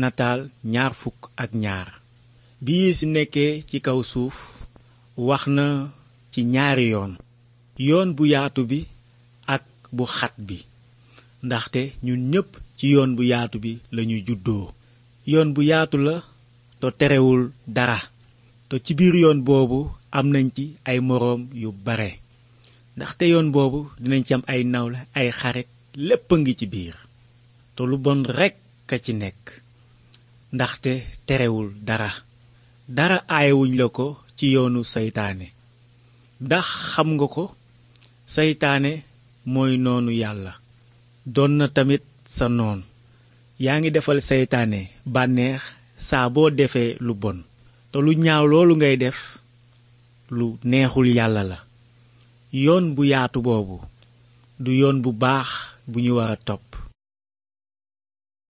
nataal ñaar fukk ak ñaar bi Yeesu nekkee ci kaw suuf wax na ci ñaari yoon yoon bu yaatu bi ak bu xat bi ndaxte ñun ñépp ci yoon bu yaatu bi lañuy juddoo yoon bu yaatu la te terewul dara te ci biir yoon boobu am nañ ci ay moroom yu bare ndaxte yoon boobu dinañ ci am ay nawle ay xarit lépp a ngi ci biir te lu bon rekk ka ci nekk ndaxte terewul dara dara aayewuñ la ko ci yoonu seytaane ndax xam nga ko seytaane mooy noonu yàlla doon na tamit sa noon yaa ngi defal seytaane bànneex saa boo defee lu bon te lu ñaaw loolu ngay def lu neexul yàlla la yoon bu yaatu boobu du yoon bu baax bu ñu wara a topp